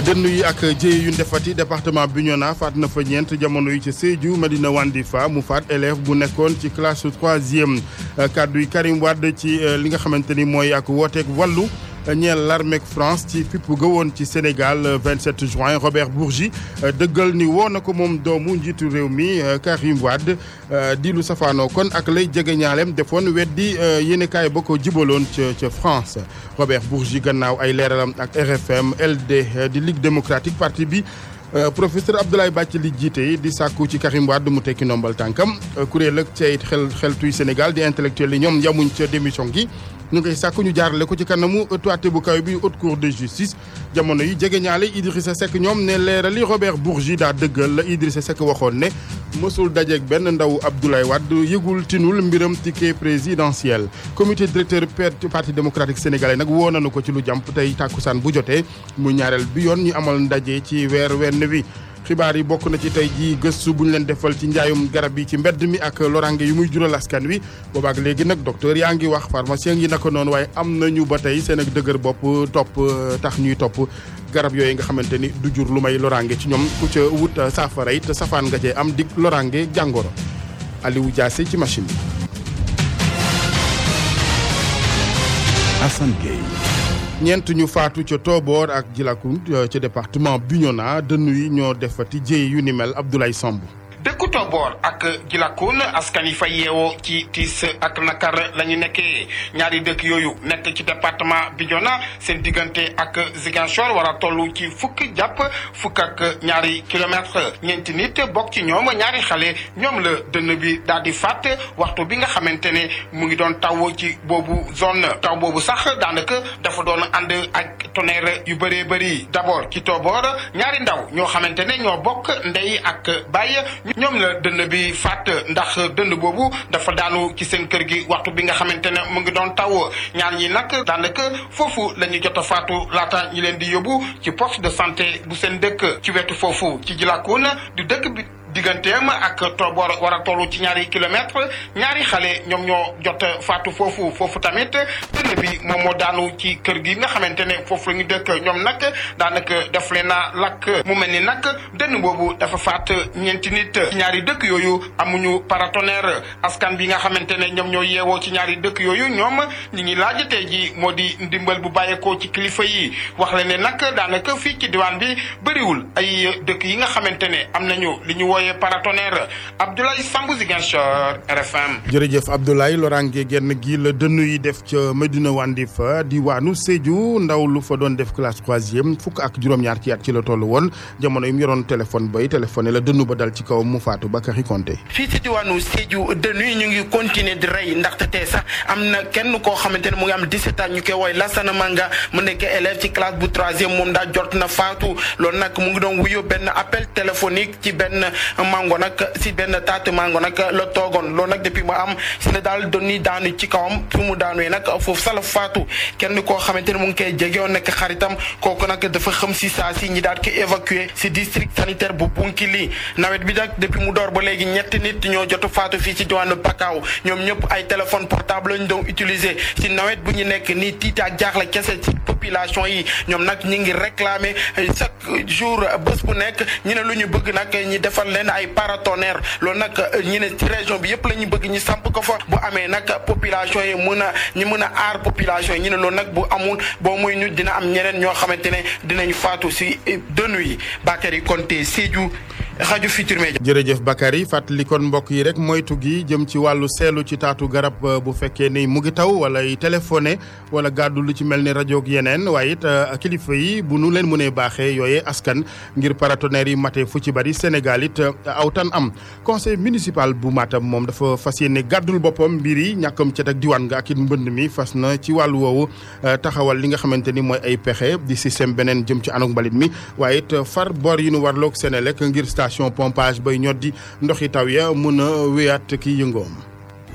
dënn yi ak jéye yu defati département Bignona faat na fa ñeent jamono yi ci dina Madina Wandifa mu faat élève bu nekkoon ci classe troisième kàddu yi Karim Wade ci euh, li nga xamante ni mooy ak wooteeg wàllu ñeel l'armée France ci fippu ga woon ci Sénégal 27 euh, juin Robert Bourgi euh, dëggal ni woo na ko moom doomu njiitu réew mi euh, Karim Wade di lu safaanoo kon ak lay jege ñaaleem defoon weddi yéenekaay ba ko jibaloon ca ca France Robert Bourgi gannaaw ay leeralam ak RFM LD di Ligue démocratique partie bi professeur Abdoulaye Bathily jiite di sàkku ci Karim Wade mu tekki nombal tànkam kuréel ak ceyit xel xeltuy Sénégal di intellectuel yi ñoom yamuñ ca démission gi ñu ngay koy sàkk ñu jaarale ko ci kanamu ëttu àtte bu kaw bi haute cour de justice jamono yi jege ñaale Idrissa Seck ñoom ne leerali Robert Bourgi daa dëggal la Idrissa Seck waxoon ne mësul dajeeg benn ndaw Abdoulaye Wade yëgul tinul mbiram ticket présidentiel comité directeur parti démocratique sénégalais nag woo nañu ko ci lu jàmp tey tàkkusaan bu jotee mu ñaareel bi yoon ñu amal ndaje ci weer wenn wi xibaar yi bokk na ci tey jii gëstu bu ñu leen defal ci njaayum garab yi ci mbedd mi ak loraange yu muy jural askan wi boobaak léegi nag docteur yaa ngi wax pharmacien yi naka noonu waaye am na ñu ba tey seen ak dëgër bopp topp tax ñuy topp garab yooyu nga xamante ni du jur lu may loraange ci ñoom ku ca wut saafara it safaan nga cee am dig loraange jàngoro Aliou Diassé ci machine bi. Assane Gueye ñeent ñu faatu ca Tobor ak Jilakunt ca département Bignona dënnu yi ñoo defati jéey yu ni mel Abdoulaye Samb dëkku Tobor ak Jilakoon askan yi fa yeewoo ci tiis ak nakar la ñu nekkee ñaari dëkk yooyu nekk ci département Bignona seen diggante ak Ziguinchor wala a toll ci fukk jàpp fukk ak ñaari kilomètre ñeenti nit bokk ci ñoom ñaari xale ñoom la dënn bi daal di fàtt waxtu bi nga xamante ne mu ngi doon taw ci boobu zone taw boobu sax daanaka dafa doon ànd ak tonnerre yu bëree bëri d'abord ci Tobor ñaari ndaw ñoo xamante ñoo bokk ndey ak baay ñoom la dënn bi faat ndax dënn boobu dafa daanu ci seen kër gi waxtu bi nga xamante ne mu ngi doon taw ñaar ñi nag daanaka foofu la ñu jot a faatu laata ñu leen di yóbbu ci poste de santé bu seen dëkk ci wetu foofu ci jilaakoon di dëkk bi digganteem ak to war a tollu ci ñaari kilomètre ñaari xale ñoom ñoo jot faatu foofu foofu tamit benn bi moom moo daanu ci kër gi nga xamante ne foofu la ñu dëkk ñoom nag daanaka def leen lakk mu mel ni nag dënn boobu dafa faat ñeenti ñaari dëkk yooyu amuñu paratonnerre askan bi nga xamante ne ñoom ñoo yeewoo ci ñaari dëkk yooyu ñoom ñu ngi laajatee ji moo di ndimbal bu bàyyeekoo ci kilifa yi wax la ne nag daanaka fi ci diwaan bi bariwul ay dëkk yi nga xamante am nañu li envoyé par tonnerre Abdoulaye Sambou Ziguinchor RFM. jërëjëf Abdoulaye loraange genn gi la dënnu yi def ca Medina Wandif diwaanu Sédhiou ndaw lu fa doon def classe troisième fukk ak juróom-ñaar ci la toll woon jamono yi mu yoroon téléphone bay téléphoné la dënnu ba dal ci kaw mu faatu Bakary Konté. fii ci diwaanu Sédhiou dënnu yi ñu ngi continuer di rey ndaxte sax am na kenn koo xamante ne mu ngi am 17 ans ñu koy woy Lassana Manga mu nekk élève ci classe bu troisième moom daa jot na faatu loolu nag mu ngi doon wuyu benn appel téléphonique mango nag si benn taatu mango nag la toogoon loolu nag depuis mu am si la daal donni daanu ci kawam fu mu daanwee nag foofu sa faatu kenn koo xamante ne mu ngi koy jegewoon nekk xaritam kooku nag dafa xam si saa si ñi daal ko évacué si district sanitaire bu Bounkiling nawet bi nag depuis mu door ba léegi ñetti nit ñoo jotu faatu fii si diwaanu Pakao ñoom ñëpp ay téléphone portable lañu doon utiliser si nawet bu ñu nekk nii tiit ak jaaxle kese si population yi ñoom nag ñi ngi réclamer chaque jour bés bu nekk ñu ne lu ñu bëgg nag ñi defal leen nee na ay paratonnerre loolu nag euh, ñu ne ci région bi yëpp la ñu bëgg ñu samp ko fa bu amee nag population yi mën a ñu mën a aar population yi ñu ne loolu nag bu amul boo muy ñu dina am ñeneen ñoo xamante ne dinañ faatu si euh, dënnu yi Bakary Konte Sédhiou rajo Futur Media. jërëjëf Bakary fàttali kon mbokk yi rek moytu gi jëm ci wàllu seelu ci taatu garab euh, bu fekkee ni mu ngi taw wala yi téléphoné wala gàddu lu ci mel ni rajo yeneen waaye it euh, kilifa yi bu nu leen mënee baaxee yooyee askan ngir paratonnerre yi mate fu ci bari Sénégal it euh, tan am conseil municipal bu Matam moom dafa fas yéene gàddul boppam mbir yi ñàkkam ca ak diwaan nga ak it mbënd mi fas na ci wàllu woowu taxawal li nga xamante ni mooy ay pexe di système beneen jëm ci anok mbalit mi waaye it far bor yi ngir station pompage bay ñoddi ndoxi taw ya mën a wéyaat ki yëngoom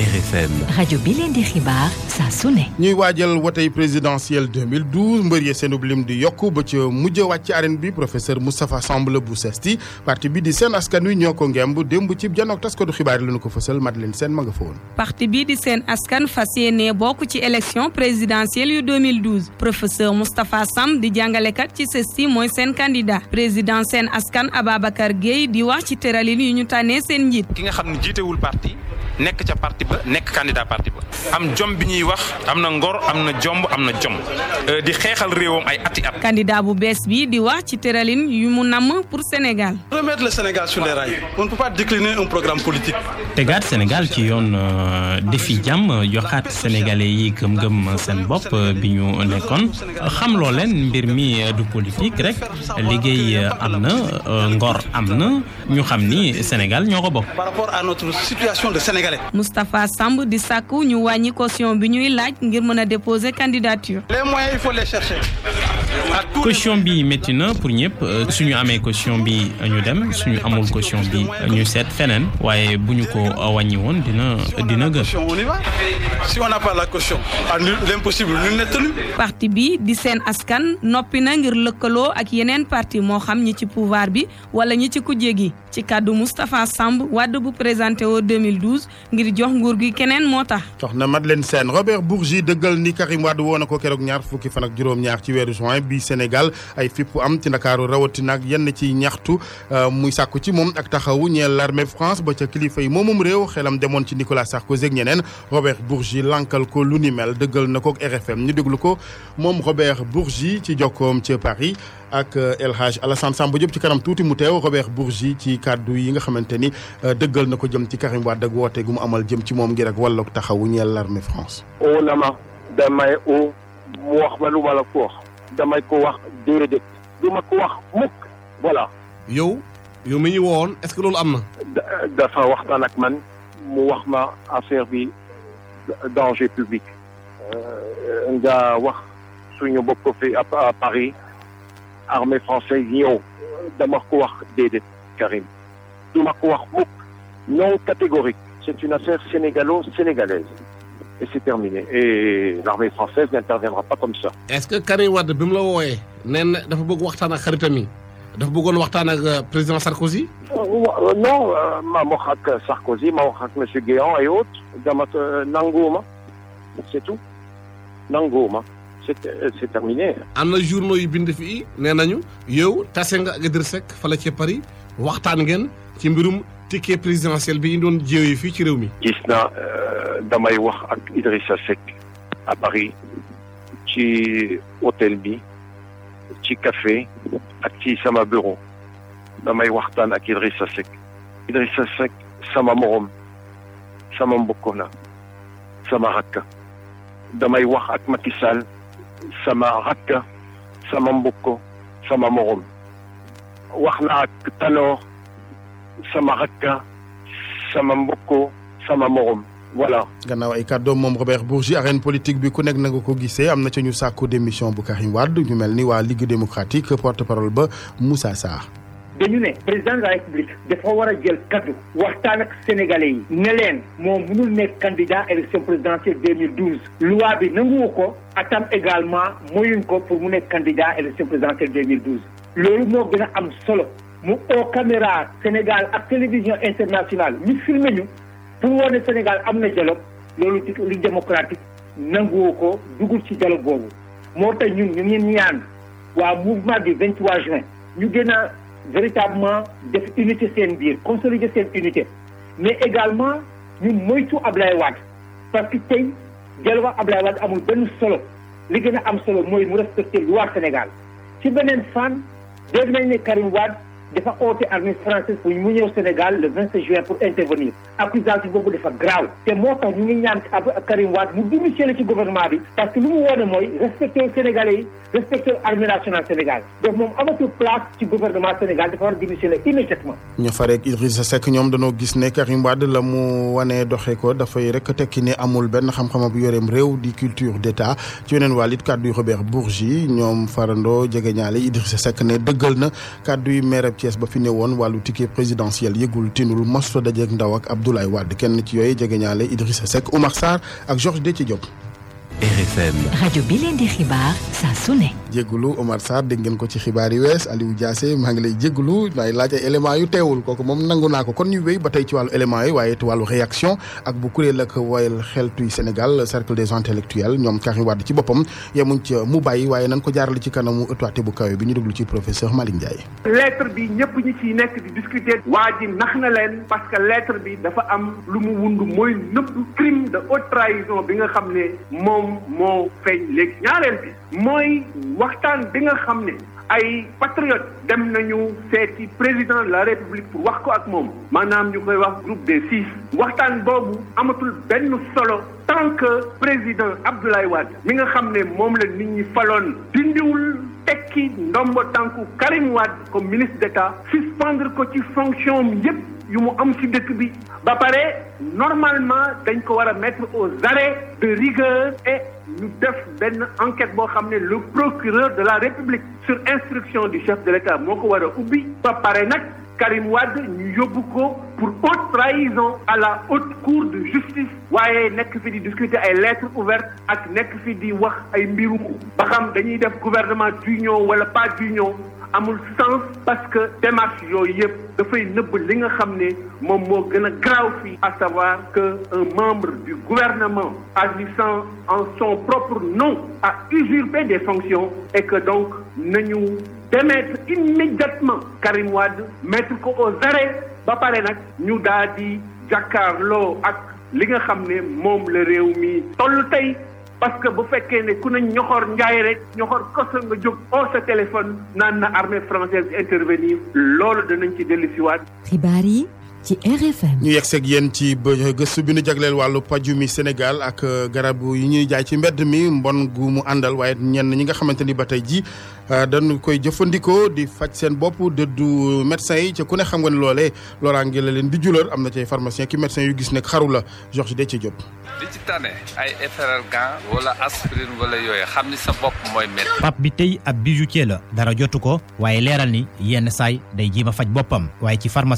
RFM rajo bi leen di xibaar saa su ne. ñuy waajal wotey présidentielle 2012 mbër yi seenub lim di yokk ba ca mujj wàcc ci arène bi professeur Moustapha Samb bu sesti parti bi di seen askan wi ñoo ko ngemb démb ci janook taskatu xibaar yi la ñu ko fësal mat leen seen ma nga fa woon. parti bi di seen askan fas yéene bokk ci élection présidentielle yu 2012 professeur Moustapha Samb di jàngalekat ci sesti mooy seen candidat président seen askan Ababacar Gueye di wax ci tëralin yu ñu tànnee seen njiit. ki nga xam ne jiitewul parti. nekk ca parti ba nekk candidat parti ba am jom bi ñuy wax am na ngor am na jomb am na jom euh, di xeexal réewam ay ati at. candidat bu bees bi di wax ci tëralin yu mu namm pour Sénégal. remettre le Sénégal ne peut pas décliner un programme politique. tegaat Sénégal ci yoon euh, defi jàmm joxaat sénégalais yi gëm-gëm seen bopp euh, bi ñu nekkoon xam loo leen mbir mi du politique rek liggéey am na ngor am na ñu xam ni Sénégal ñoo ko bokk. sénégalais. Samb di sakk ñu wàññi caution bi ñuy laaj ngir mën a déposer candidature. les moyens il faut les chercher. caution bi métti na pour ñëpp euh, suñu amee caution bi euh, ñu dem suñu amul caution bi euh, ñu seet feneen waaye bu ñu ko waññi woon dina dina gën. si on n'a pas la caution ah, l'impossible nul n'est parti bi di seen askan noppi na ngir lëkkaloo ak yeneen parti moo xam ñi ci pouvoir bi wala ñi ci kujje gi ci kàddu Moustapha Samb Wade bu présenté woo 2012 ngir jox nguur gi keneen moo tax. soxna Madeleine Sène Robert Bourgi dëggal ni Karim woo ko keroog ñaar fukki fan ak ñaar ci weeru citoyen bi Sénégal ay fipp am ci ndakaaru rawatina yenn ci ñaxtu euh, muy sàkku ci moom ak taxawu ñeel l'armée France ba ca kilifa yi moomum réew xelam demoon ci Nicolas Sarkozy ak ñeneen Robert Bourgi lankal ko lu ni mel dëggal na ko ak RFM ñu déglu ko moom Robert Bourgi ci jokkoom ca Paris ak euh, El Hadj Alassane Samba Diop ci kanam tuuti mu teew Robert Bourgi ci kàddu yi nga xamante ni euh, dëggal na ko jëm ci Karim Wade ak woote gu mu amal jëm ci moom ngir ak wàllug taxawu ñeel l'armée France. oo na ma damay oo mu damay ko wax déedéet du ma ko wax mukk voilà. yow yow mi ñu woon est que loolu am na. dafa wax ak man mu wax ma affaire bi danger public. Euh, nga wax suñu bopp fi à Paris armée française ñëw dama ko wax déedéet Karim du ma ko wax mukk non catégorique. c'est une affaire sénégalo-sénégalaise. et c'est terminé et l'armée française n'interviendra pas comme ça. est-ce que Karim Wade bi mu la wooyee nee na dafa bëgg waxtaan ak xaritam yi dafa bëggoon waxtaan ak euh, président Sarkozy. Euh, non euh, ma wax ak Sarkozy ma wax ak monsieur Guéant et autres dama nanguwuma c'est tout nanguwuma c'est c'est am na journaux yu bind fii nee nañu yow tase nga ak Idriss Seck fële ca Paris waxtaan ngeen ci mbirum ticket présidentiel bi indoon jéew yi fii ci réew mi. gis naa. damay wax ak Idrissa Seck à Paris ci hôtel bi ci café ak ci sama bureau damay waxtaan ak Idrissa Seck Idrissa Seck sama morom sama mbokk la sama rakka damay wax ak Macky Sall sama rakka sama mbokk sama morom wax na ak Tanor sama rakka sama mbokk sama morom voilà. gannaaw ay kàddoom moom Robert Bourgi arène politique bi ku nekk na ko gisee am na ca ñu sàkku démission bu Karim Wade ñu mel ni waa Ligue démocratique porte parole ba Moussa Sarr. dañu ne président de la république dafa war a jël kaddu waxtaan ak sénégalais yi ne leen moom mënul nekk candidat élection présidentielle 2012 loi bi nanguwu ko atam également moyuñ ko pour mu nekk candidat élection présidentielle loolu moo gën a am solo mu oo caméra Sénégal ak télévision internationale ñu filmé ñu pour wane Sénégal am na dialogue loolu li démocratique nanguwoo ko dugul ci dialogue boobu moo tax ñun ñu ngeen ñaan waa mouvement du 23 juin ñu gën a véritablement def unité seen biir consolider seen unité mais également ñu moytu Ablaye Wade parce que tey dialogue ak Ablaye Wade amul benn solo li gën a am solo mooy mu respecter loi Sénégal ci beneen fan dégg nañ ne Karim Wade dafa oote armée française pour mu ñëw Sénégal le juin pour intervenir accusation boobu dafa graaw te moo tax ñu ngi ñaan Karim mu démissionné ci gouvernement bi parce que lu mu woone mooy respecter sénégalais yi respecter armée nationale Sénégal donc moom amatu place ci gouvernement Sénégal dafa war a immédiatement ñoom dañoo gis ne Karim Wade la mu wanee doxee ko dafay rek tekki amul benn xam-xam bu yoreem réew di culture d'état ci weneen wàll it farandoo jegeñaale Idrissa Seck na kàddu yu maire cees ba fi ne woon wàllu ticket présidentiel yëgul tinul mos dajeek ndaw ak Abdoulaye Wade kenn ci yooyu jegeñaale Idrissa Seck Oumar Sarr ak Georges ci Diop RFM rajo bi leen di xibaar saa su ne. Omar Sarr dégg ngeen ko ci xibaar yi wees Aliou Diassé maa ngi lay jégalu maay laaj ay éléments yu teewul kooku moom nangu naa ko kon ñu wéy ba tey ci wàllu éléments yi waaye ci wàllu réaction ak bu kuréel ak wayal xeltuy Sénégal cercle des intellectuels ñoom Karim Wade ci boppam yemuñ mu bàyyi waaye nan ko jaarale ci kanamu ëttuwaate bu kawe bi ñu déglu ci professeur Malick Ndiaye. lettre bi ñëpp ñi ciy nekk di discuter. waa ji nax na leen parce que lettre bi dafa am lu mu wund mooy nëbb crime de haute trahison bi nga xam ne moom moo feeñ léegi ñaareel bi mooy waxtaan bi nga xam ne ay patriote dem nañu seeti président de la république pour wax ko ak moom maanaam ñu koy wax groupe des six waxtaan boobu amatul benn solo tant que président Abdoulaye Wade mi nga xam ne moom la nit ñi faloon dindiwul tekki ndombo tànku Karim Wade comme ministre d'état suspendre ko ci fonction am yépp yu mu am ci dëkk bi ba pare normalement dañ ko war a mettre aux arrêts de rigueur et ñu def benn enquête boo xam ne le procureur de la République sur instruction du chef de l'État moo ko war a ubbi ba pare nag Karim Wade ñu yóbbu ko pour haute trahison à la haute cour de justice waaye nekk fi di discuter ay lettres ouvertes ak nekk fi di wax ay mbiru ba xam dañuy def gouvernement d'union wala pas d'union amul sens parce que démarche yooyu yëpp dafay nëbb li nga xam ne moom moo gën a graaw fii à savoir que un membre du gouvernement agissant en son propre nom a usurpé des fonctions et que donc nañu démettre immédiatement Karim Wade mettre ko arrêts ba pare nag ñu daal di jàkkaarloo ak li nga xam ne moom la réew mi toll tey parce que bu fekkee ne ku ne ñoxor njaay rek ñoxor ga nga jóg sa téléphone naan na armée française intervenir loolu danañ ci dellusiwaat. xibaar yi. ci RFM. ñu yegg seeg yéen ci gëstu bi nu jagleel wàllu paju mi Sénégal ak euh, garab yi ñuy jaay ci mbedd mi mbon gu mu àndal waaye ñenn ñi nga xamante ni ba tey jii euh, dañu koy jëfandikoo di faj seen bopp dëddu médecin yi ca ku ne xam nga ne loole loolaa ngi la leen di julal am na ci pharmacien ki médecin yu gis nekk xaru la Georges de Diop. li ci tane wala aspirine wala bi tey ab bijoutier la dara jotu ko waaye leeral ni yenn saay day jéem faj boppam